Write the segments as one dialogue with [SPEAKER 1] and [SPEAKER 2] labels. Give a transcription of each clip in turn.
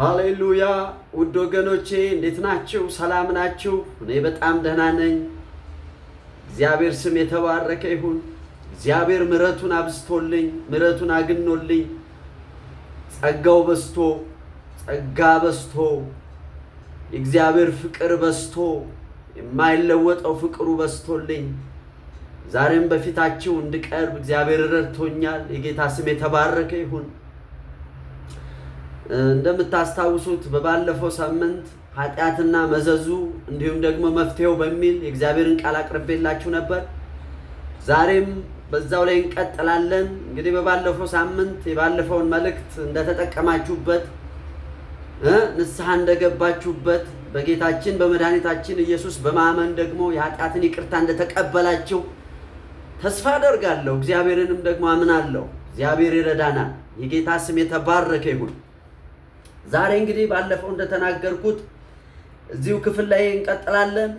[SPEAKER 1] ሃሌሉያ! ውድ ወገኖቼ እንዴት ናችሁ? ሰላም ናችሁ? እኔ በጣም ደህና ነኝ። እግዚአብሔር ስም የተባረከ ይሁን። እግዚአብሔር ምሕረቱን አብዝቶልኝ፣ ምሕረቱን አግኖልኝ፣ ጸጋው በስቶ ጸጋ በስቶ የእግዚአብሔር ፍቅር በስቶ የማይለወጠው ፍቅሩ በስቶልኝ ዛሬም በፊታችሁ እንድቀርብ እግዚአብሔር ረድቶኛል። የጌታ ስም የተባረከ ይሁን። እንደምታስታውሱት በባለፈው ሳምንት ኃጢአትና መዘዙ እንዲሁም ደግሞ መፍትሄው በሚል የእግዚአብሔርን ቃል አቅርቤላችሁ ነበር። ዛሬም በዛው ላይ እንቀጥላለን። እንግዲህ በባለፈው ሳምንት የባለፈውን መልእክት እንደተጠቀማችሁበት ንስሐ እንደገባችሁበት በጌታችን በመድኃኒታችን ኢየሱስ በማመን ደግሞ የኃጢአትን ይቅርታ እንደተቀበላችሁ ተስፋ አደርጋለሁ። እግዚአብሔርንም ደግሞ አምናለሁ። እግዚአብሔር ይረዳናል። የጌታ ስም የተባረከ ይሁን። ዛሬ እንግዲህ ባለፈው እንደተናገርኩት እዚሁ ክፍል ላይ እንቀጥላለን።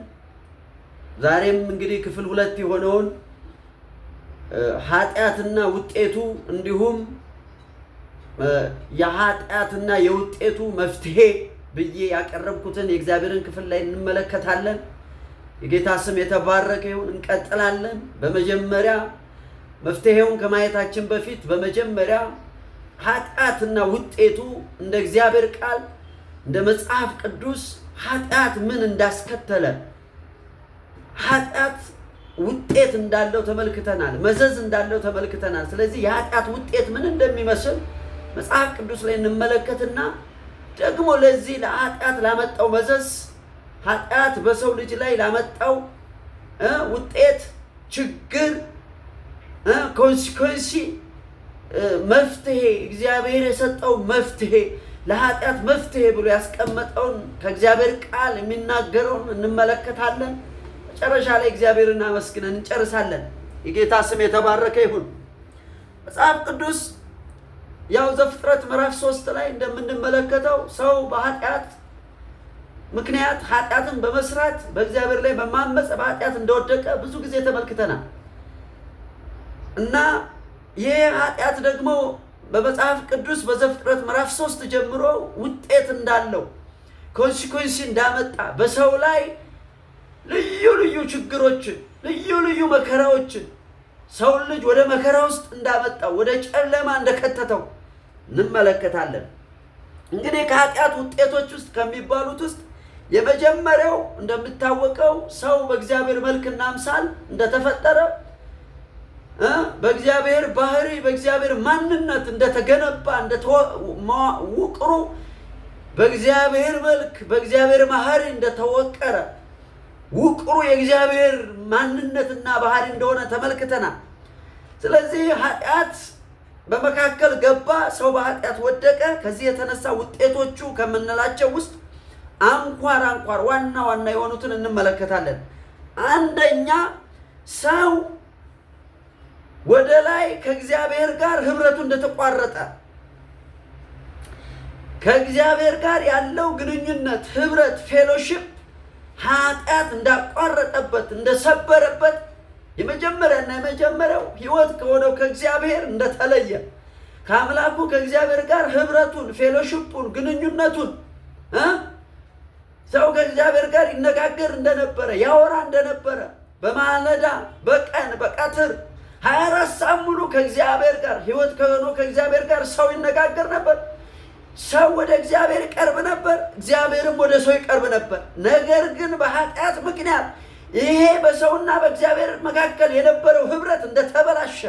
[SPEAKER 1] ዛሬም እንግዲህ ክፍል ሁለት የሆነውን ኃጢአትና ውጤቱ እንዲሁም የኃጢአትና የውጤቱ መፍትሄ ብዬ ያቀረብኩትን የእግዚአብሔርን ክፍል ላይ እንመለከታለን። የጌታ ስም የተባረከ ይሁን። እንቀጥላለን። በመጀመሪያ መፍትሄውን ከማየታችን በፊት በመጀመሪያ ኃጢአትና ውጤቱ እንደ እግዚአብሔር ቃል እንደ መጽሐፍ ቅዱስ ኃጢአት ምን እንዳስከተለ ኃጢአት ውጤት እንዳለው ተመልክተናል። መዘዝ እንዳለው ተመልክተናል። ስለዚህ የኃጢአት ውጤት ምን እንደሚመስል መጽሐፍ ቅዱስ ላይ እንመለከትና ደግሞ ለዚህ ለኃጢአት ላመጣው መዘዝ ኃጢአት በሰው ልጅ ላይ ላመጣው ውጤት ችግር ኮንሲኮንሲ መፍትሄ እግዚአብሔር የሰጠው መፍትሄ ለኃጢአት መፍትሄ ብሎ ያስቀመጠውን ከእግዚአብሔር ቃል የሚናገረውን እንመለከታለን። መጨረሻ ላይ እግዚአብሔር እናመስግነን እንጨርሳለን። የጌታ ስም የተባረከ ይሁን። መጽሐፍ ቅዱስ ያው ዘፍጥረት ምዕራፍ ሶስት ላይ እንደምንመለከተው ሰው በኃጢአት ምክንያት ኃጢአትን በመስራት በእግዚአብሔር ላይ በማመፅ በኃጢአት እንደወደቀ ብዙ ጊዜ ተመልክተናል እና ይህ ኃጢአት ደግሞ በመጽሐፍ ቅዱስ በዘፍጥረት ምዕራፍ ሶስት ጀምሮ ውጤት እንዳለው ኮንሲኩንሲ እንዳመጣ በሰው ላይ ልዩ ልዩ ችግሮችን ልዩ ልዩ መከራዎችን ሰውን ልጅ ወደ መከራ ውስጥ እንዳመጣው ወደ ጨለማ እንደከተተው እንመለከታለን። እንግዲህ ከኃጢአት ውጤቶች ውስጥ ከሚባሉት ውስጥ የመጀመሪያው እንደሚታወቀው ሰው በእግዚአብሔር መልክና አምሳል እንደተፈጠረ በእግዚአብሔር ባህሪ በእግዚአብሔር ማንነት እንደተገነባ ውቅሩ በእግዚአብሔር መልክ በእግዚአብሔር ባህሪ እንደተወቀረ ውቅሩ የእግዚአብሔር ማንነትና ባህሪ እንደሆነ ተመልክተናል። ስለዚህ ኃጢአት በመካከል ገባ፣ ሰው በኃጢአት ወደቀ። ከዚህ የተነሳ ውጤቶቹ ከምንላቸው ውስጥ አንኳር አንኳር ዋና ዋና የሆኑትን እንመለከታለን። አንደኛ ሰው ወደ ላይ ከእግዚአብሔር ጋር ህብረቱ እንደተቋረጠ ከእግዚአብሔር ጋር ያለው ግንኙነት ህብረት፣ ፌሎሽፕ ኃጢአት እንዳቋረጠበት እንደሰበረበት የመጀመሪያና የመጀመሪያው ህይወት ከሆነው ከእግዚአብሔር እንደተለየ ከአምላኩ ከእግዚአብሔር ጋር ህብረቱን፣ ፌሎሽፑን ግንኙነቱን ሰው ከእግዚአብሔር ጋር ይነጋገር እንደነበረ ያወራ እንደነበረ በማለዳ በቀን በቀትር ሀያ አራት ሰዓት ሙሉ ከእግዚአብሔር ጋር ህይወት ከሆኖ ከእግዚአብሔር ጋር ሰው ይነጋገር ነበር። ሰው ወደ እግዚአብሔር ይቀርብ ነበር፣ እግዚአብሔርም ወደ ሰው ይቀርብ ነበር። ነገር ግን በኃጢአት ምክንያት ይሄ በሰውና በእግዚአብሔር መካከል የነበረው ህብረት እንደተበላሸ፣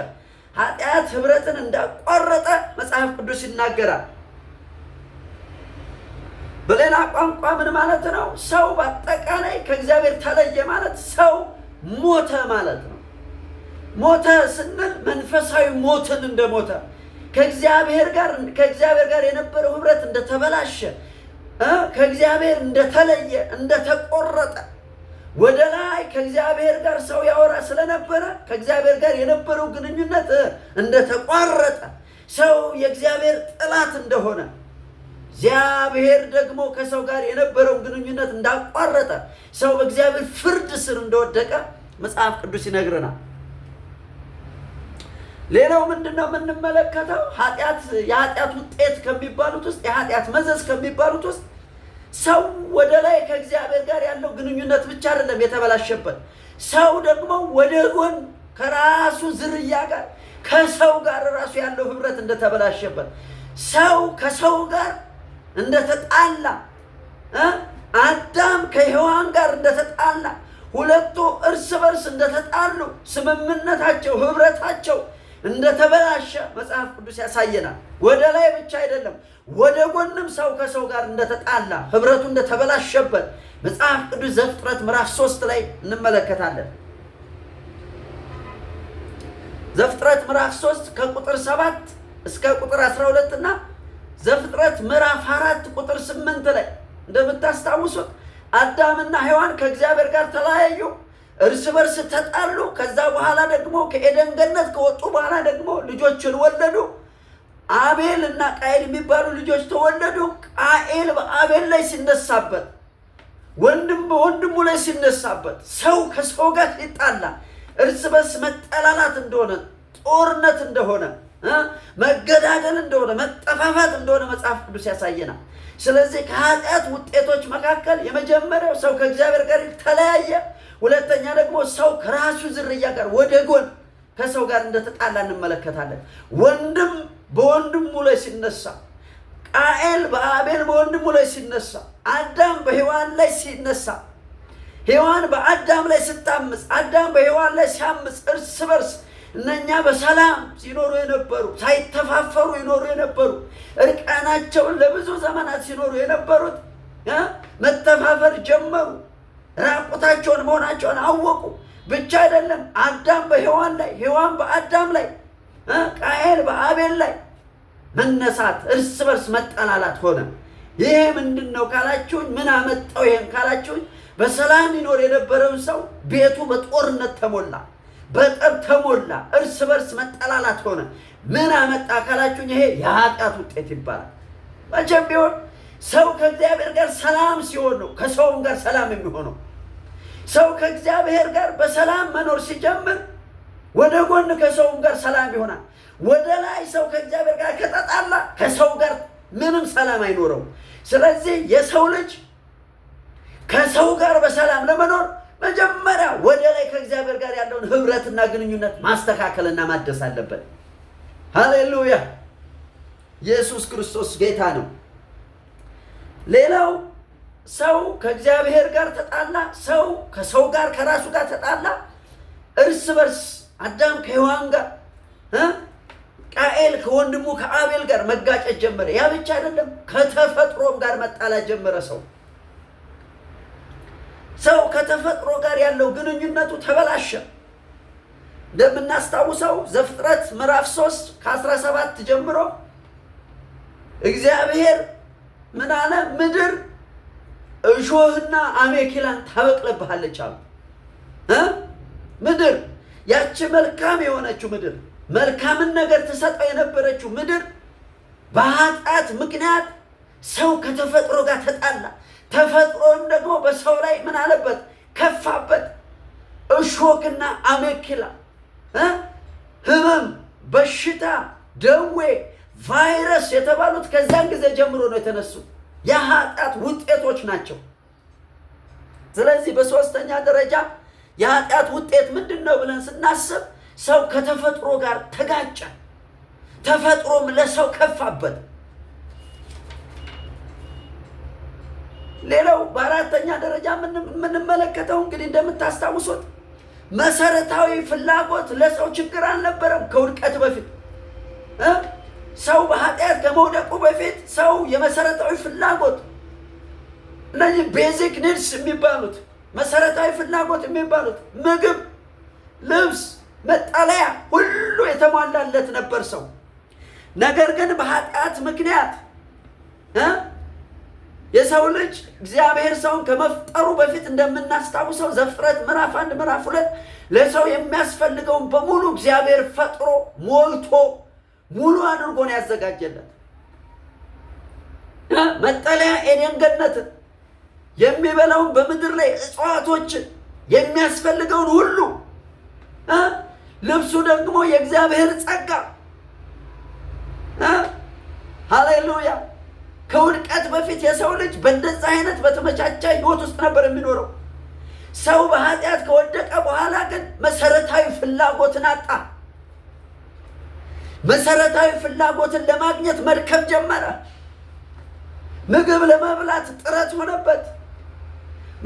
[SPEAKER 1] ኃጢአት ህብረትን እንዳቋረጠ መጽሐፍ ቅዱስ ይናገራል። በሌላ ቋንቋ ምን ማለት ነው? ሰው በአጠቃላይ ከእግዚአብሔር ተለየ ማለት ሰው ሞተ ማለት ነው። ሞተ ስንል መንፈሳዊ ሞትን እንደሞተ ከእግዚአብሔር ጋር ከእግዚአብሔር ጋር የነበረው ህብረት እንደተበላሸ ከእግዚአብሔር እንደተለየ እንደተቆረጠ ወደ ላይ ከእግዚአብሔር ጋር ሰው ያወራ ስለነበረ ከእግዚአብሔር ጋር የነበረው ግንኙነት እንደተቋረጠ ሰው የእግዚአብሔር ጠላት እንደሆነ እግዚአብሔር ደግሞ ከሰው ጋር የነበረውን ግንኙነት እንዳቋረጠ ሰው በእግዚአብሔር ፍርድ ስር እንደወደቀ መጽሐፍ ቅዱስ ይነግረናል። ሌላው ምንድነው የምንመለከተው? ኃጢአት የኃጢአት ውጤት ከሚባሉት ውስጥ የኃጢአት መዘዝ ከሚባሉት ውስጥ ሰው ወደ ላይ ከእግዚአብሔር ጋር ያለው ግንኙነት ብቻ አይደለም የተበላሸበት፣ ሰው ደግሞ ወደ ጎን ከራሱ ዝርያ ጋር ከሰው ጋር ራሱ ያለው ህብረት እንደተበላሸበት፣ ሰው ከሰው ጋር እንደተጣላ፣ አዳም ከሔዋን ጋር እንደተጣላ፣ ሁለቱ እርስ በርስ እንደተጣሉ፣ ስምምነታቸው ህብረታቸው እንደተበላሸ መጽሐፍ ቅዱስ ያሳየናል። ወደ ላይ ብቻ አይደለም፣ ወደ ጎንም ሰው ከሰው ጋር እንደተጣላ ህብረቱ እንደተበላሸበት መጽሐፍ ቅዱስ ዘፍጥረት ምዕራፍ ሶስት ላይ እንመለከታለን። ዘፍጥረት ምዕራፍ ሶስት ከቁጥር ሰባት እስከ ቁጥር አስራ ሁለት እና ዘፍጥረት ምዕራፍ አራት ቁጥር ስምንት ላይ እንደምታስታውሱት አዳምና ሔዋን ከእግዚአብሔር ጋር ተለያዩ። እርስ በርስ ተጣሉ። ከዛ በኋላ ደግሞ ከኤደን ገነት ከወጡ በኋላ ደግሞ ልጆችን ወለዱ። አቤል እና ቃኤል የሚባሉ ልጆች ተወለዱ። ቃኤል በአቤል ላይ ሲነሳበት፣ ወንድም በወንድሙ ላይ ሲነሳበት፣ ሰው ከሰው ጋር ሲጣላ እርስ በርስ መጠላላት እንደሆነ ጦርነት እንደሆነ መገዳደል እንደሆነ መጠፋፋት እንደሆነ መጽሐፍ ቅዱስ ያሳየናል። ስለዚህ ከኃጢአት ውጤቶች መካከል የመጀመሪያው ሰው ከእግዚአብሔር ጋር ተለያየ። ሁለተኛ ደግሞ ሰው ከራሱ ዝርያ ጋር ወደ ጎን ከሰው ጋር እንደተጣላ እንመለከታለን። ወንድም በወንድሙ ላይ ሲነሳ፣ ቃኤል በአቤል በወንድሙ ላይ ሲነሳ፣ አዳም በሔዋን ላይ ሲነሳ፣ ሔዋን በአዳም ላይ ስታምፅ፣ አዳም በሔዋን ላይ ሲያምፅ፣ እርስ በርስ እነኛ በሰላም ሲኖሩ የነበሩ ሳይተፋፈሩ ይኖሩ የነበሩ እርቃናቸውን ለብዙ ዘመናት ሲኖሩ የነበሩት መተፋፈር ጀመሩ። ራቁታቸውን መሆናቸውን አወቁ። ብቻ አይደለም አዳም በሔዋን ላይ፣ ሔዋን በአዳም ላይ፣ ቃየል በአቤል ላይ መነሳት፣ እርስ በርስ መጠላላት ሆነ። ይሄ ምንድን ነው ካላችሁኝ፣ ምን አመጣው ይሄን ካላችሁኝ፣ በሰላም ይኖር የነበረውን ሰው ቤቱ በጦርነት ተሞላ፣ በጠብ ተሞላ፣ እርስ በርስ መጠላላት ሆነ። ምን አመጣ ካላችሁኝ፣ ይሄ የኃጢአት ውጤት ይባላል። መቼም ቢሆን ሰው ከእግዚአብሔር ጋር ሰላም ሲሆን ነው ከሰውም ጋር ሰላም የሚሆነው። ሰው ከእግዚአብሔር ጋር በሰላም መኖር ሲጀምር ወደ ጎን ከሰውም ጋር ሰላም ይሆናል። ወደ ላይ ሰው ከእግዚአብሔር ጋር ከተጣላ ከሰው ጋር ምንም ሰላም አይኖረው ስለዚህ የሰው ልጅ ከሰው ጋር በሰላም ለመኖር መጀመሪያ ወደ ላይ ከእግዚአብሔር ጋር ያለውን ህብረትና ግንኙነት ማስተካከልና ማደስ አለበት። ሃሌሉያ! ኢየሱስ ክርስቶስ ጌታ ነው። ሌላው ሰው ከእግዚአብሔር ጋር ተጣላ፣ ሰው ከሰው ጋር ከራሱ ጋር ተጣላ። እርስ በርስ አዳም ከሔዋን ጋር ቃኤል ከወንድሙ ከአቤል ጋር መጋጨት ጀመረ። ያ ብቻ አይደለም፣ ከተፈጥሮም ጋር መጣላት ጀመረ። ሰው ሰው ከተፈጥሮ ጋር ያለው ግንኙነቱ ተበላሸ። እንደምናስታውሰው ዘፍጥረት ምዕራፍ 3 ከ17 ጀምሮ እግዚአብሔር ምን አለ? ምድር እሾህና አሜኬላ ታበቅለብሃለች አሉ። ምድር ያቺ መልካም የሆነችው ምድር መልካምን ነገር ትሰጠው የነበረችው ምድር በኃጢአት ምክንያት ሰው ከተፈጥሮ ጋር ተጣላ። ተፈጥሮም ደግሞ በሰው ላይ ምን አለበት? ከፋበት። እሾክና አሜኬላ፣ ህመም፣ በሽታ፣ ደዌ፣ ቫይረስ የተባሉት ከዛን ጊዜ ጀምሮ ነው የተነሱት። የኃጢአት ውጤቶች ናቸው። ስለዚህ በሶስተኛ ደረጃ የኃጢአት ውጤት ምንድን ነው ብለን ስናስብ ሰው ከተፈጥሮ ጋር ተጋጨ፣ ተፈጥሮም ለሰው ከፋበት። ሌላው በአራተኛ ደረጃ የምንመለከተው እንግዲህ እንደምታስታውሱት መሰረታዊ ፍላጎት ለሰው ችግር አልነበረም። ከውድቀት በፊት ሰው በኃጢአት ከመውደቁ ሰው የመሰረታዊ ፍላጎት እነዚህ ቤዚክ ኒድስ የሚባሉት መሰረታዊ ፍላጎት የሚባሉት ምግብ፣ ልብስ፣ መጠለያ ሁሉ የተሟላለት ነበር ሰው። ነገር ግን በኃጢአት ምክንያት የሰው ልጅ እግዚአብሔር ሰውን ከመፍጠሩ በፊት እንደምናስታውሰው ዘፍጥረት ምዕራፍ አንድ ምዕራፍ ሁለት ለሰው የሚያስፈልገውን በሙሉ እግዚአብሔር ፈጥሮ ሞልቶ ሙሉ አድርጎ ነው ያዘጋጀለት። መጠለያ ኤደን ገነት፣ የሚበላውን በምድር ላይ እጽዋቶችን፣ የሚያስፈልገውን ሁሉ ልብሱ ደግሞ የእግዚአብሔር ጸጋ። ሃሌሉያ! ከውድቀት በፊት የሰው ልጅ በእንደዛ አይነት በተመቻቸ ህይወት ውስጥ ነበር የሚኖረው። ሰው በኃጢአት ከወደቀ በኋላ ግን መሰረታዊ ፍላጎትን አጣ። መሰረታዊ ፍላጎትን ለማግኘት መድከም ጀመረ። ምግብ ለመብላት ጥረት ሆነበት።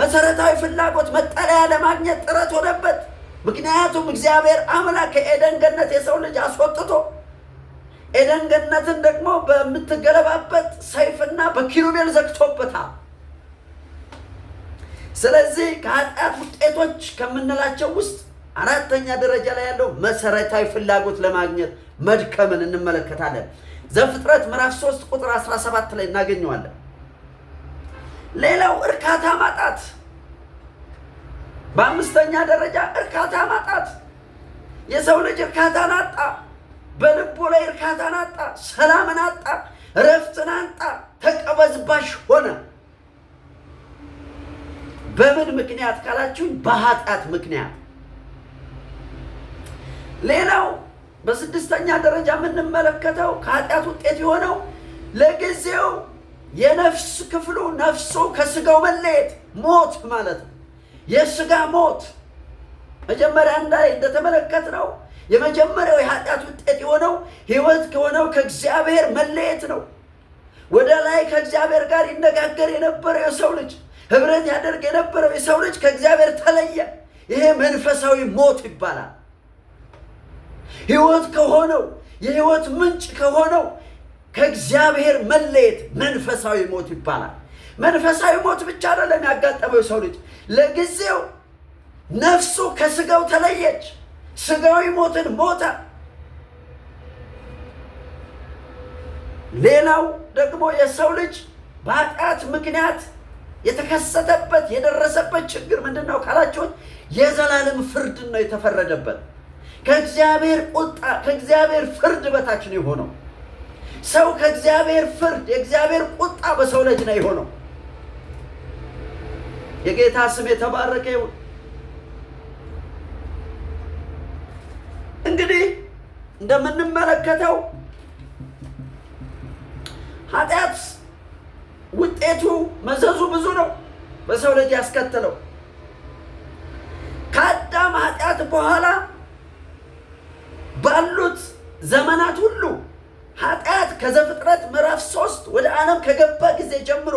[SPEAKER 1] መሰረታዊ ፍላጎት መጠለያ ለማግኘት ጥረት ሆነበት። ምክንያቱም እግዚአብሔር አምላክ ከኤደን ገነት የሰው ልጅ አስወጥቶ ኤደን ገነትን ደግሞ በምትገለባበት ሰይፍና በኪሩቤል ዘግቶበታል። ስለዚህ ከኃጢአት ውጤቶች ከምንላቸው ውስጥ አራተኛ ደረጃ ላይ ያለው መሰረታዊ ፍላጎት ለማግኘት መድከምን እንመለከታለን። ዘፍጥረት ምዕራፍ 3 ቁጥር 17 ላይ እናገኘዋለን። ሌላው እርካታ ማጣት፣ በአምስተኛ ደረጃ እርካታ ማጣት። የሰው ልጅ እርካታን አጣ፣ በልቡ ላይ እርካታን አጣ፣ ሰላምን አጣ፣ እረፍትን አጣ፣ ተቀበዝባሽ ሆነ። በምን ምክንያት ካላችሁኝ፣ በኃጢአት ምክንያት። ሌላው በስድስተኛ ደረጃ የምንመለከተው ከኃጢአት ውጤት የሆነው ለጊዜው የነፍስ ክፍሉ ነፍሱ ከስጋው መለየት ሞት ማለት ነው። የስጋ ሞት መጀመሪያ እንዳይ ነው። የመጀመሪያው የኃጢአት ውጤት የሆነው ህይወት ከሆነው ከእግዚአብሔር መለየት ነው። ወደ ላይ ከእግዚአብሔር ጋር ይነጋገር የነበረው የሰው ልጅ ህብረት ያደርግ የነበረው የሰው ልጅ ከእግዚአብሔር ተለየ። ይሄ መንፈሳዊ ሞት ይባላል። ህይወት ከሆነው የህይወት ምንጭ ከሆነው ከእግዚአብሔር መለየት መንፈሳዊ ሞት ይባላል። መንፈሳዊ ሞት ብቻ አይደለም ያጋጠመው የሰው ልጅ። ለጊዜው ነፍሱ ከስጋው ተለየች፣ ስጋዊ ሞትን ሞተ። ሌላው ደግሞ የሰው ልጅ በኃጢአት ምክንያት የተከሰተበት የደረሰበት ችግር ምንድን ነው ካላችሁን፣ የዘላለም ፍርድን ነው የተፈረደበት። ከእግዚአብሔር ቁጣ ከእግዚአብሔር ፍርድ በታች ነው የሆነው። ሰው ከእግዚአብሔር ፍርድ የእግዚአብሔር ቁጣ በሰው ልጅ ነው የሆነው። የጌታ ስም የተባረከ ይሁን። እንግዲህ እንደምንመለከተው ኃጢአት ውጤቱ መዘዙ ብዙ ነው በሰው ልጅ ያስከተለው ከአዳም ኃጢአት በኋላ ባሉት ዘመናት ሁሉ ኃጢአት ከዘፍጥረት ምዕራፍ ሶስት ወደ ዓለም ከገባ ጊዜ ጀምሮ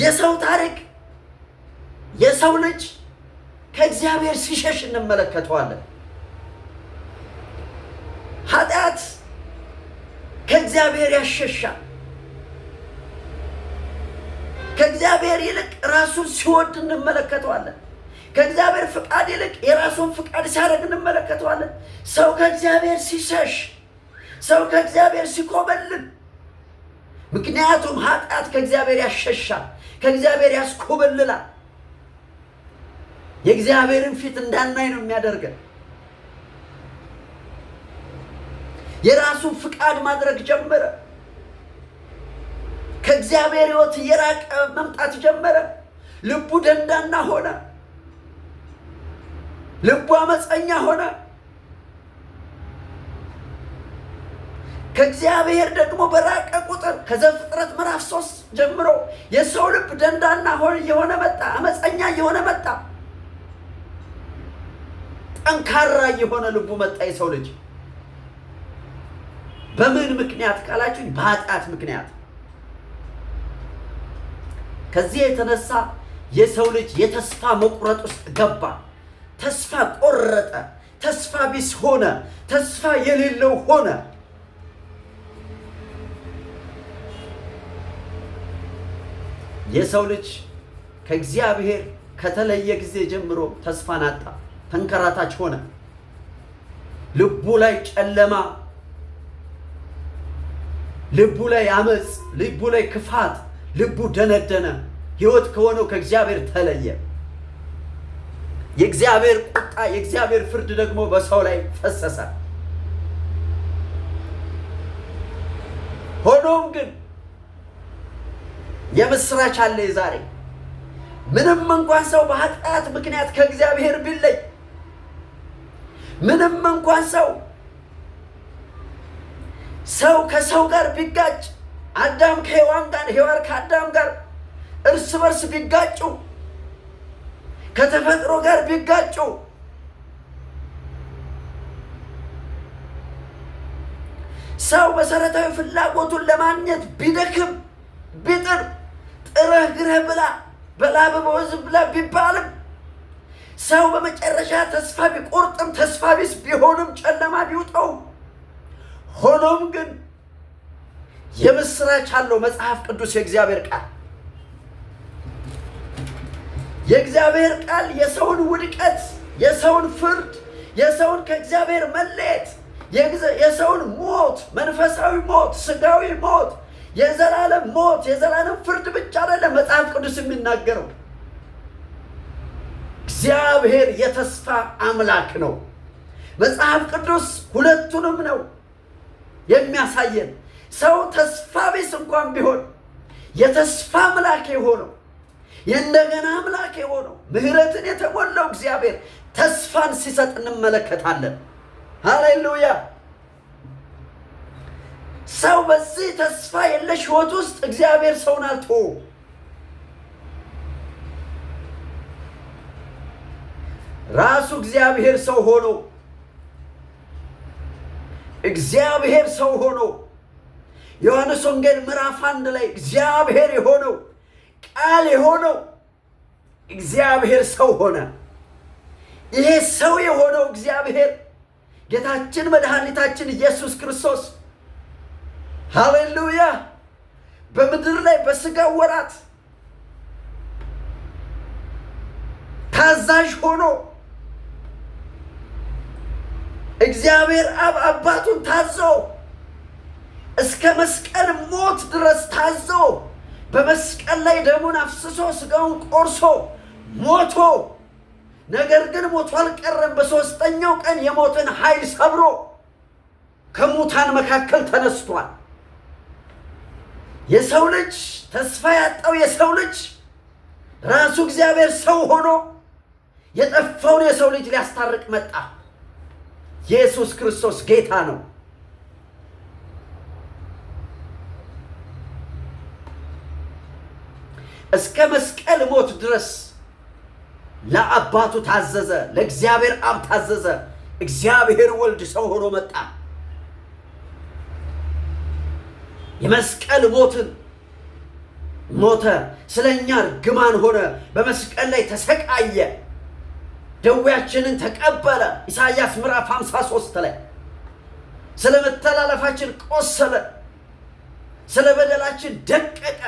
[SPEAKER 1] የሰው ታሪክ የሰው ልጅ ከእግዚአብሔር ሲሸሽ እንመለከተዋለን። ኃጢአት ከእግዚአብሔር ያሸሻል። ከእግዚአብሔር ይልቅ ራሱን ሲወድ እንመለከተዋለን። ከእግዚአብሔር ፍቃድ ይልቅ የራሱን ፍቃድ ሲያደርግ እንመለከተዋለን። ሰው ከእግዚአብሔር ሲሸሽ፣ ሰው ከእግዚአብሔር ሲኮበልን፣ ምክንያቱም ኃጢአት ከእግዚአብሔር ያሸሻል፣ ከእግዚአብሔር ያስኮበልላል። የእግዚአብሔርን ፊት እንዳናይ ነው የሚያደርገን። የራሱን ፍቃድ ማድረግ ጀመረ። ከእግዚአብሔር ሕይወት እየራቀ መምጣት ጀመረ። ልቡ ደንዳና ሆነ። ልቡ አመፀኛ ሆነ። ከእግዚአብሔር ደግሞ በራቀ ቁጥር ከዘፍጥረት ምዕራፍ ሶስት ጀምሮ የሰው ልብ ደንዳና የሆነ መጣ፣ አመፀኛ የሆነ መጣ፣ ጠንካራ የሆነ ልቡ መጣ። የሰው ልጅ በምን ምክንያት ካላችሁኝ፣ በኃጢአት ምክንያት። ከዚህ የተነሳ የሰው ልጅ የተስፋ መቁረጥ ውስጥ ገባ። ተስፋ ቆረጠ፣ ተስፋ ቢስ ሆነ፣ ተስፋ የሌለው ሆነ። የሰው ልጅ ከእግዚአብሔር ከተለየ ጊዜ ጀምሮ ተስፋን አጣ፣ ተንከራታች ሆነ። ልቡ ላይ ጨለማ፣ ልቡ ላይ አመፅ፣ ልቡ ላይ ክፋት፣ ልቡ ደነደነ። ህይወት ከሆነው ከእግዚአብሔር ተለየ። የእግዚአብሔር ቁጣ የእግዚአብሔር ፍርድ ደግሞ በሰው ላይ ፈሰሰ። ሆኖም ግን የምስራች አለ ዛሬ ምንም እንኳን ሰው በኃጢአት ምክንያት ከእግዚአብሔር ቢለይ፣ ምንም እንኳን ሰው ሰው ከሰው ጋር ቢጋጭ፣ አዳም ከሔዋን ጋር፣ ሔዋን ከአዳም ጋር እርስ በርስ ቢጋጩ ከተፈጥሮ ጋር ቢጋጩ ሰው መሰረታዊ ፍላጎቱን ለማግኘት ቢደክም ቢጥር ጥረህ ግረህ ብላ በላብ በወዝ ብላ ቢባልም ሰው በመጨረሻ ተስፋ ቢቆርጥም ተስፋ ቢስ ቢሆንም ጨለማ ቢውጠው፣ ሆኖም ግን የምስራች አለው መጽሐፍ ቅዱስ የእግዚአብሔር ቃል የእግዚአብሔር ቃል የሰውን ውድቀት፣ የሰውን ፍርድ፣ የሰውን ከእግዚአብሔር መለየት፣ የሰውን ሞት፣ መንፈሳዊ ሞት፣ ስጋዊ ሞት፣ የዘላለም ሞት፣ የዘላለም ፍርድ ብቻ አይደለም መጽሐፍ ቅዱስ የሚናገረው። እግዚአብሔር የተስፋ አምላክ ነው። መጽሐፍ ቅዱስ ሁለቱንም ነው የሚያሳየን። ሰው ተስፋ ቢስ እንኳን ቢሆን የተስፋ አምላክ የሆነው የእንደገና አምላክ የሆነው ምሕረትን የተሞላው እግዚአብሔር ተስፋን ሲሰጥ እንመለከታለን። ሃሌሉያ! ሰው በዚህ ተስፋ የለሽ ሕይወት ውስጥ እግዚአብሔር ሰውን አልቶ ራሱ እግዚአብሔር ሰው ሆኖ እግዚአብሔር ሰው ሆኖ ዮሐንስ ወንጌል ምዕራፍ አንድ ላይ እግዚአብሔር የሆነው ቃል የሆነው እግዚአብሔር ሰው ሆነ። ይሄ ሰው የሆነው እግዚአብሔር ጌታችን መድኃኒታችን ኢየሱስ ክርስቶስ ሃሌሉያ በምድር ላይ በስጋው ወራት ታዛዥ ሆኖ እግዚአብሔር አብ አባቱን ታዞ እስከ መስቀል ሞት ድረስ ታዞ በመስቀል ላይ ደሙን አፍስሶ ስጋውን ቆርሶ ሞቶ፣ ነገር ግን ሞቶ አልቀረም። በሦስተኛው ቀን የሞትን ኃይል ሰብሮ ከሙታን መካከል ተነስቷል። የሰው ልጅ ተስፋ ያጣው የሰው ልጅ ራሱ እግዚአብሔር ሰው ሆኖ የጠፋውን የሰው ልጅ ሊያስታርቅ መጣ። ኢየሱስ ክርስቶስ ጌታ ነው። እስከ መስቀል ሞት ድረስ ለአባቱ ታዘዘ፣ ለእግዚአብሔር አብ ታዘዘ። እግዚአብሔር ወልድ ሰው ሆኖ መጣ። የመስቀል ሞትን ሞተ፣ ስለኛ እርግማን ሆነ፣ በመስቀል ላይ ተሰቃየ፣ ደዌያችንን ተቀበለ። ኢሳያስ ምዕራፍ 53 ላይ ስለ መተላለፋችን ቆሰለ፣ ስለ በደላችን ደቀቀ።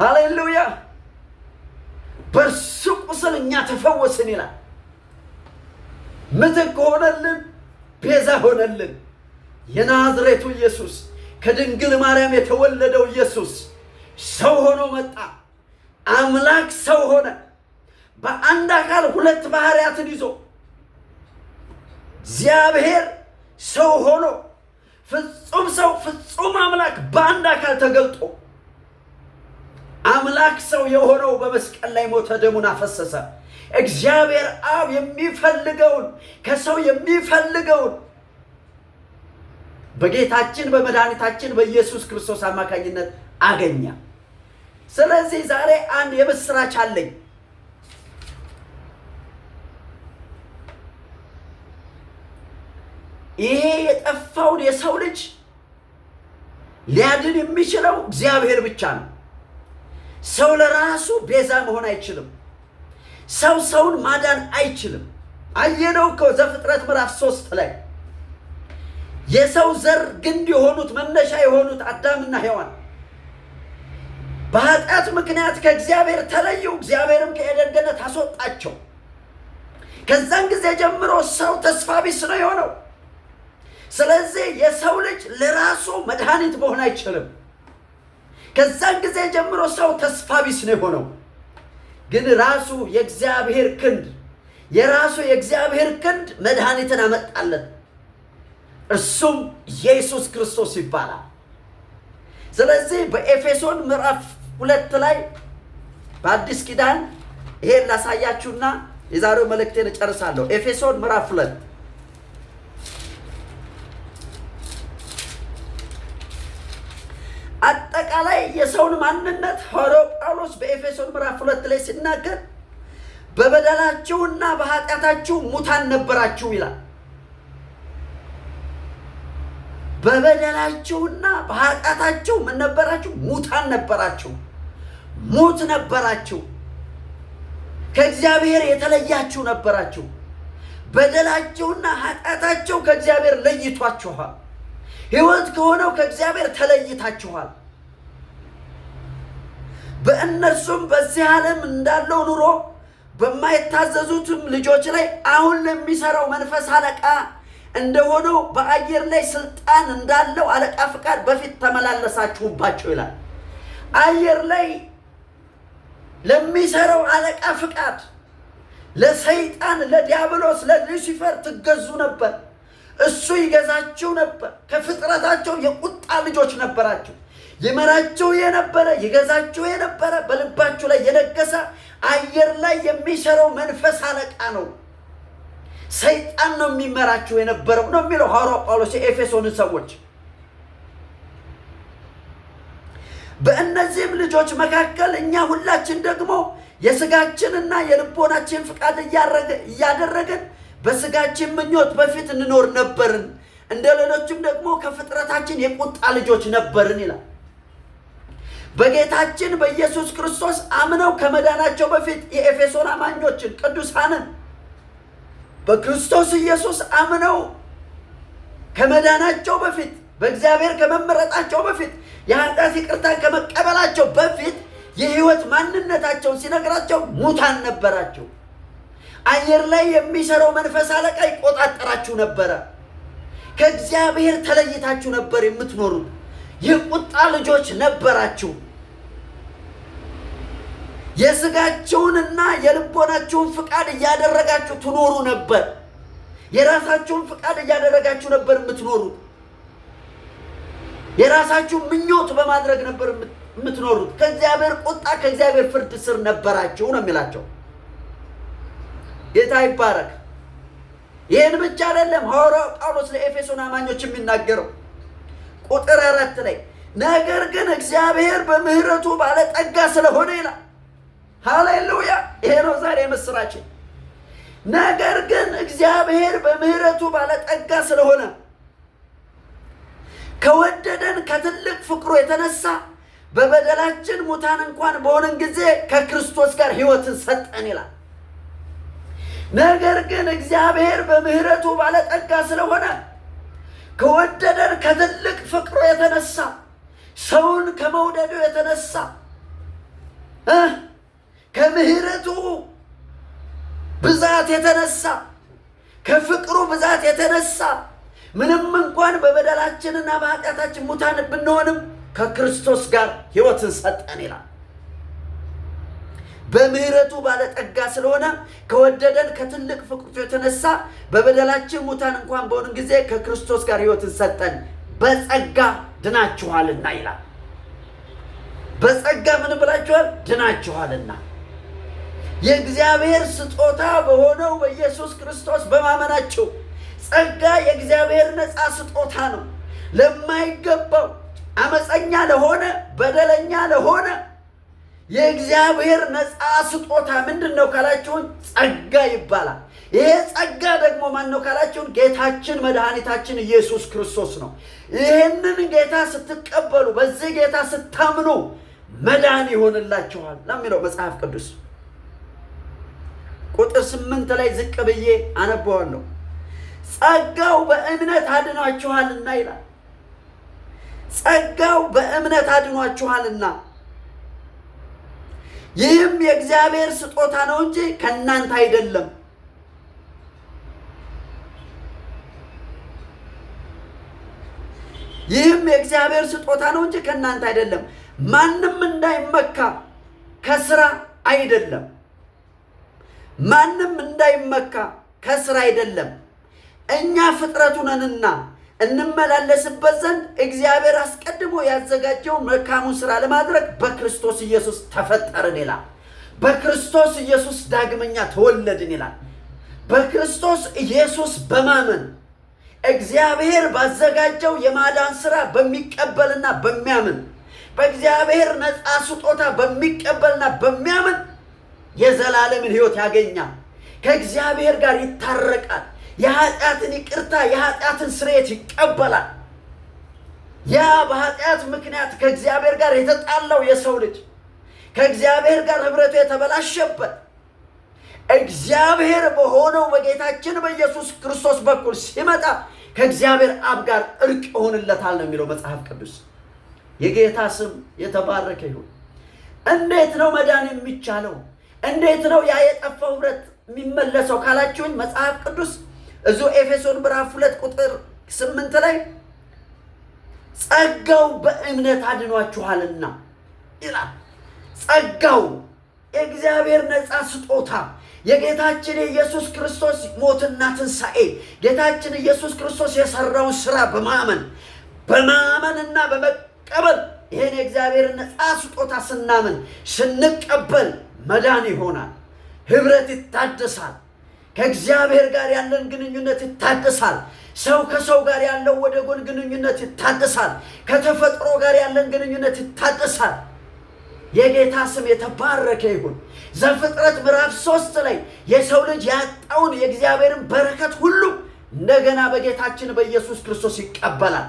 [SPEAKER 1] ሃሌሉያ። በእርሱ ቁስል እኛ ተፈወስን ይላል። ምትክ ሆነልን፣ ቤዛ ሆነልን። የናዝሬቱ ኢየሱስ ከድንግል ማርያም የተወለደው ኢየሱስ ሰው ሆኖ መጣ። አምላክ ሰው ሆነ። በአንድ አካል ሁለት ባህሪያትን ይዞ እግዚአብሔር ሰው ሆኖ ፍጹም ሰው ፍጹም አምላክ በአንድ አካል ተገልጦ አምላክ ሰው የሆነው በመስቀል ላይ ሞተ፣ ደሙን አፈሰሰ። እግዚአብሔር አብ የሚፈልገውን ከሰው የሚፈልገውን በጌታችን በመድኃኒታችን በኢየሱስ ክርስቶስ አማካኝነት አገኘ። ስለዚህ ዛሬ አንድ የምስራች አለኝ። ይሄ የጠፋውን የሰው ልጅ ሊያድን የሚችለው እግዚአብሔር ብቻ ነው። ሰው ለራሱ ቤዛ መሆን አይችልም። ሰው ሰውን ማዳን አይችልም። አየነው እኮ ዘፍጥረት ምዕራፍ ሶስት ላይ የሰው ዘር ግንድ የሆኑት መነሻ የሆኑት አዳምና ሔዋን በኃጢአት ምክንያት ከእግዚአብሔር ተለዩ። እግዚአብሔርም ከኤደን ገነት አስወጣቸው። ከዛን ጊዜ ጀምሮ ሰው ተስፋ ቢስ ነው የሆነው። ስለዚህ የሰው ልጅ ለራሱ መድኃኒት መሆን አይችልም። ከዛን ጊዜ ጀምሮ ሰው ተስፋ ቢስ ነው የሆነው። ግን ራሱ የእግዚአብሔር ክንድ የራሱ የእግዚአብሔር ክንድ መድኃኒትን አመጣለት። እርሱም ኢየሱስ ክርስቶስ ይባላል። ስለዚህ በኤፌሶን ምዕራፍ ሁለት ላይ በአዲስ ኪዳን ይሄን ላሳያችሁና የዛሬው መልእክቴን እጨርሳለሁ። ኤፌሶን ምዕራፍ ሁለት አጠቃላይ የሰውን ማንነት ሐዋርያው ጳውሎስ በኤፌሶን ምዕራፍ ሁለት ላይ ሲናገር በበደላችሁና በኃጢአታችሁ ሙታን ነበራችሁ ይላል። በበደላችሁና በኃጢአታችሁ ምን ነበራችሁ? ሙታን ነበራችሁ፣ ሙት ነበራችሁ፣ ከእግዚአብሔር የተለያችሁ ነበራችሁ። በደላችሁና ኃጢአታችሁ ከእግዚአብሔር ለይቷችኋል። ሕይወት ከሆነው ከእግዚአብሔር ተለይታችኋል። በእነርሱም በዚህ ዓለም እንዳለው ኑሮ በማይታዘዙትም ልጆች ላይ አሁን ለሚሰራው መንፈስ አለቃ እንደሆነው በአየር ላይ ስልጣን እንዳለው አለቃ ፍቃድ በፊት ተመላለሳችሁባቸው ይላል። አየር ላይ ለሚሰራው አለቃ ፍቃድ፣ ለሰይጣን፣ ለዲያብሎስ፣ ለሉሲፈር ትገዙ ነበር። እሱ ይገዛቸው ነበር። ከፍጥረታቸው የቁጣ ልጆች ነበራቸው ይመራቸው የነበረ ይገዛቸው የነበረ በልባችሁ ላይ የነገሰ አየር ላይ የሚሰራው መንፈስ አለቃ ነው። ሰይጣን ነው የሚመራቸው የነበረው ነው የሚለው ሐዋርያው ጳውሎስ የኤፌሶንን ሰዎች። በእነዚህም ልጆች መካከል እኛ ሁላችን ደግሞ የስጋችንና የልቦናችን ፍቃድ እያደረግን በስጋችን ምኞት በፊት እንኖር ነበርን፣ እንደ ሌሎችም ደግሞ ከፍጥረታችን የቁጣ ልጆች ነበርን ይላል። በጌታችን በኢየሱስ ክርስቶስ አምነው ከመዳናቸው በፊት የኤፌሶን አማኞችን ቅዱሳንን በክርስቶስ ኢየሱስ አምነው ከመዳናቸው በፊት በእግዚአብሔር ከመመረጣቸው በፊት የኃጢአት ይቅርታን ከመቀበላቸው በፊት የሕይወት ማንነታቸውን ሲነግራቸው ሙታን ነበራቸው። አየር ላይ የሚሰራው መንፈስ አለቃ ይቆጣጠራችሁ ነበረ። ከእግዚአብሔር ተለይታችሁ ነበር የምትኖሩት። የቁጣ ልጆች ነበራችሁ። የስጋችሁንና የልቦናችሁን ፍቃድ እያደረጋችሁ ትኖሩ ነበር። የራሳችሁን ፍቃድ እያደረጋችሁ ነበር የምትኖሩት። የራሳችሁ ምኞት በማድረግ ነበር የምትኖሩት። ከእግዚአብሔር ቁጣ፣ ከእግዚአብሔር ፍርድ ስር ነበራችሁ ነው የሚላቸው። ጌታ ይባረክ። ይህን ብቻ አይደለም ሐዋርያው ጳውሎስ ለኤፌሶን አማኞች የሚናገረው ቁጥር አራት ላይ ነገር ግን እግዚአብሔር በምህረቱ ባለጠጋ ስለሆነ ይላል። ሃሌሉያ! ይሄ ነው ዛሬ ምስራችን። ነገር ግን እግዚአብሔር በምህረቱ ባለጠጋ ስለሆነ ከወደደን ከትልቅ ፍቅሩ የተነሳ በበደላችን ሙታን እንኳን በሆነን ጊዜ ከክርስቶስ ጋር ህይወትን ሰጠን ይላል። ነገር ግን እግዚአብሔር በምሕረቱ ባለጠጋ ስለሆነ ከወደደን ከትልቅ ፍቅሩ የተነሳ ሰውን ከመውደዱ የተነሳ ከምሕረቱ ብዛት የተነሳ ከፍቅሩ ብዛት የተነሳ ምንም እንኳን በበደላችንና በኃጢአታችን ሙታን ብንሆንም ከክርስቶስ ጋር ሕይወትን ሰጠን ይላል። በምሕረቱ ባለጠጋ ስለሆነ ከወደደን ከትልቅ ፍቅሩ የተነሳ በበደላችን ሙታን እንኳን በሆንን ጊዜ ከክርስቶስ ጋር ሕይወትን ሰጠን። በጸጋ ድናችኋልና ይላል። በጸጋ ምን ብላችኋል? ድናችኋልና የእግዚአብሔር ስጦታ በሆነው በኢየሱስ ክርስቶስ በማመናችሁ። ጸጋ የእግዚአብሔር ነፃ ስጦታ ነው። ለማይገባው አመፀኛ ለሆነ በደለኛ ለሆነ የእግዚአብሔር ነፃ ስጦታ ምንድን ነው ካላችሁን፣ ጸጋ ይባላል። ይሄ ጸጋ ደግሞ ማን ነው ካላችሁን፣ ጌታችን መድኃኒታችን ኢየሱስ ክርስቶስ ነው። ይህንን ጌታ ስትቀበሉ፣ በዚህ ጌታ ስታምኑ መዳን ይሆንላችኋል ለሚለው መጽሐፍ ቅዱስ ቁጥር ስምንት ላይ ዝቅ ብዬ አነበዋለሁ። ጸጋው በእምነት አድኗችኋልና ይላል። ጸጋው በእምነት አድኗችኋልና ይህም የእግዚአብሔር ስጦታ ነው እንጂ ከእናንተ አይደለም። ይህም የእግዚአብሔር ስጦታ ነው እንጂ ከእናንተ አይደለም፣ ማንም እንዳይመካ ከስራ አይደለም። ማንም እንዳይመካ ከስራ አይደለም። እኛ ፍጥረቱ ነንና እንመላለስበት ዘንድ እግዚአብሔር አስቀድሞ ያዘጋጀውን መልካሙን ስራ ለማድረግ በክርስቶስ ኢየሱስ ተፈጠርን ይላል። በክርስቶስ ኢየሱስ ዳግመኛ ተወለድን ይላል። በክርስቶስ ኢየሱስ በማመን እግዚአብሔር ባዘጋጀው የማዳን ስራ በሚቀበልና በሚያምን በእግዚአብሔር ነፃ ስጦታ በሚቀበልና በሚያምን የዘላለምን ሕይወት ያገኛል። ከእግዚአብሔር ጋር ይታረቃል። የኃጢአትን ይቅርታ የኃጢአትን ስርየት ይቀበላል። ያ በኃጢአት ምክንያት ከእግዚአብሔር ጋር የተጣላው የሰው ልጅ ከእግዚአብሔር ጋር ህብረቱ የተበላሸበት እግዚአብሔር በሆነው በጌታችን በኢየሱስ ክርስቶስ በኩል ሲመጣ ከእግዚአብሔር አብ ጋር እርቅ ይሆንለታል ነው የሚለው መጽሐፍ ቅዱስ። የጌታ ስም የተባረከ ይሁን። እንዴት ነው መዳን የሚቻለው? እንዴት ነው ያ የጠፋው ህብረት የሚመለሰው ካላችሁኝ መጽሐፍ ቅዱስ እዚሁ ኤፌሶን ምዕራፍ ሁለት ቁጥር ስምንት ላይ ጸጋው በእምነት አድኗችኋልና ይላል። ጸጋው የእግዚአብሔር ነፃ ስጦታ የጌታችን የኢየሱስ ክርስቶስ ሞትና ትንሣኤ ጌታችን ኢየሱስ ክርስቶስ የሰራውን ስራ በማመን በማመንና በመቀበል ይህን የእግዚአብሔር ነፃ ስጦታ ስናምን ስንቀበል መዳን ይሆናል፣ ህብረት ይታደሳል። ከእግዚአብሔር ጋር ያለን ግንኙነት ይታደሳል። ሰው ከሰው ጋር ያለው ወደ ጎን ግንኙነት ይታደሳል። ከተፈጥሮ ጋር ያለን ግንኙነት ይታደሳል። የጌታ ስም የተባረከ ይሁን። ዘፍጥረት ምዕራፍ ሶስት ላይ የሰው ልጅ ያጣውን የእግዚአብሔርን በረከት ሁሉ እንደገና በጌታችን በኢየሱስ ክርስቶስ ይቀበላል።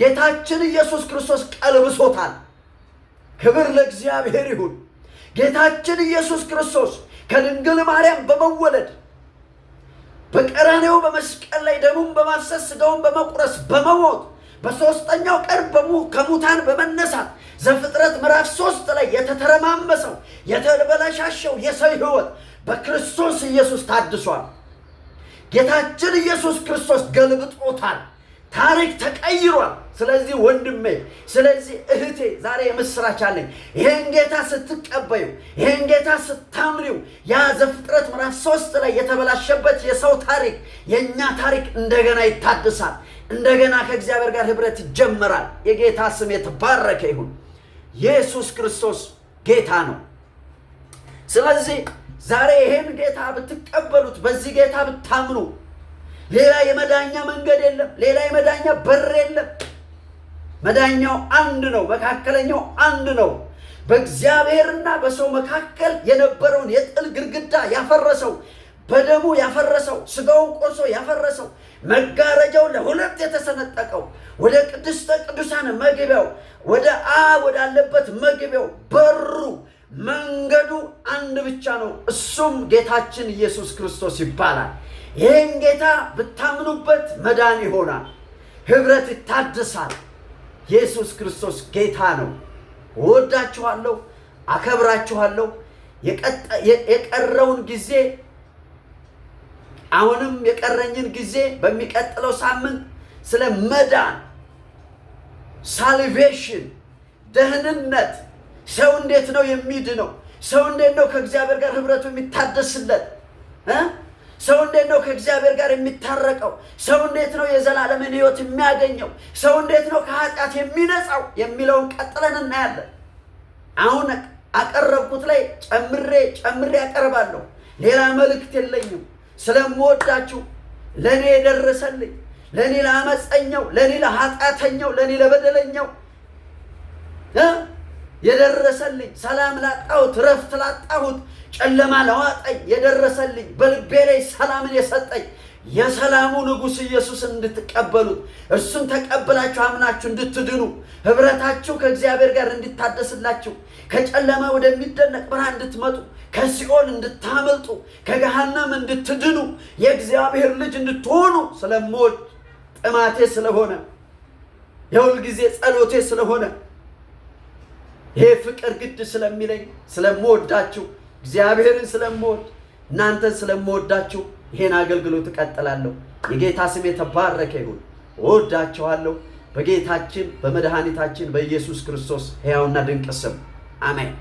[SPEAKER 1] ጌታችን ኢየሱስ ክርስቶስ ቀልብሶታል። ክብር ለእግዚአብሔር ይሁን። ጌታችን ኢየሱስ ክርስቶስ ከድንግል ማርያም በመወለድ በቀራኔው በመስቀል ላይ ደሙን በማፍሰስ ስጋውን በመቁረስ በመሞት በሶስተኛው ቀን ከሙታን በመነሳት ዘፍጥረት ምዕራፍ ሶስት ላይ የተተረማመሰው የተበላሻሸው የሰው ሕይወት በክርስቶስ ኢየሱስ ታድሷል። ጌታችን ኢየሱስ ክርስቶስ ገልብጦታል። ታሪክ ተቀይሯል። ስለዚህ ወንድሜ፣ ስለዚህ እህቴ ዛሬ የምስራች አለኝ። ይህን ጌታ ስትቀበዩ፣ ይህን ጌታ ስታምሪው ያ ዘፍጥረት ምዕራፍ ሶስት ላይ የተበላሸበት የሰው ታሪክ የእኛ ታሪክ እንደገና ይታድሳል። እንደገና ከእግዚአብሔር ጋር ህብረት ይጀምራል። የጌታ ስም የተባረከ ይሁን። ኢየሱስ ክርስቶስ ጌታ ነው። ስለዚህ ዛሬ ይህን ጌታ ብትቀበሉት፣ በዚህ ጌታ ብታምኑ ሌላ የመዳኛ መንገድ የለም። ሌላ የመዳኛ በር የለም። መዳኛው አንድ ነው። መካከለኛው አንድ ነው። በእግዚአብሔርና በሰው መካከል የነበረውን የጥል ግድግዳ ያፈረሰው በደሙ ያፈረሰው ስጋውን ቆርሶ ያፈረሰው መጋረጃው ለሁለት የተሰነጠቀው ወደ ቅድስተ ቅዱሳን መግቢያው ወደ አብ ወዳለበት መግቢያው በሩ መንገዱ አንድ ብቻ ነው። እሱም ጌታችን ኢየሱስ ክርስቶስ ይባላል። ይህን ጌታ ብታምኑበት መዳን ይሆናል፣ ህብረት ይታደሳል። ኢየሱስ ክርስቶስ ጌታ ነው። እወዳችኋለሁ፣ አከብራችኋለሁ። የቀረውን ጊዜ አሁንም የቀረኝን ጊዜ በሚቀጥለው ሳምንት ስለ መዳን ሳልቬሽን፣ ደህንነት፣ ሰው እንዴት ነው የሚድነው፣ ሰው እንዴት ነው ከእግዚአብሔር ጋር ህብረቱ የሚታደስለት ሰው እንዴት ነው ከእግዚአብሔር ጋር የሚታረቀው? ሰው እንዴት ነው የዘላለምን ህይወት የሚያገኘው? ሰው እንዴት ነው ከኃጢአት የሚነጻው የሚለውን ቀጥለን እናያለን። አሁን አቀረብኩት ላይ ጨምሬ ጨምሬ ያቀርባለሁ። ሌላ መልእክት የለኝም። ስለምወዳችሁ ለእኔ የደረሰልኝ ለእኔ ለአመፀኛው፣ ለእኔ ለኃጢአተኛው፣ ለእኔ ለበደለኛው የደረሰልኝ፣ ሰላም ላጣሁት፣ ረፍት ላጣሁት፣ ጨለማ ለዋጠኝ የደረሰልኝ፣ በልቤ ላይ ሰላምን የሰጠኝ የሰላሙ ንጉሥ ኢየሱስ እንድትቀበሉት እርሱን ተቀብላችሁ አምናችሁ እንድትድኑ ኅብረታችሁ ከእግዚአብሔር ጋር እንድታደስላችሁ ከጨለማ ወደሚደነቅ ብርሃን እንድትመጡ ከሲኦል እንድታመልጡ ከገሃናም እንድትድኑ የእግዚአብሔር ልጅ እንድትሆኑ ስለምወድ ጥማቴ ስለሆነ የሁልጊዜ ጸሎቴ ስለሆነ ይሄ ፍቅር ግድ ስለሚለኝ ስለምወዳችሁ፣ እግዚአብሔርን ስለምወድ እናንተን ስለምወዳችሁ ይሄን አገልግሎት እቀጥላለሁ። የጌታ ስም የተባረከ ይሁን። እወዳችኋለሁ በጌታችን በመድኃኒታችን በኢየሱስ ክርስቶስ ሕያውና ድንቅ ስም አሜን።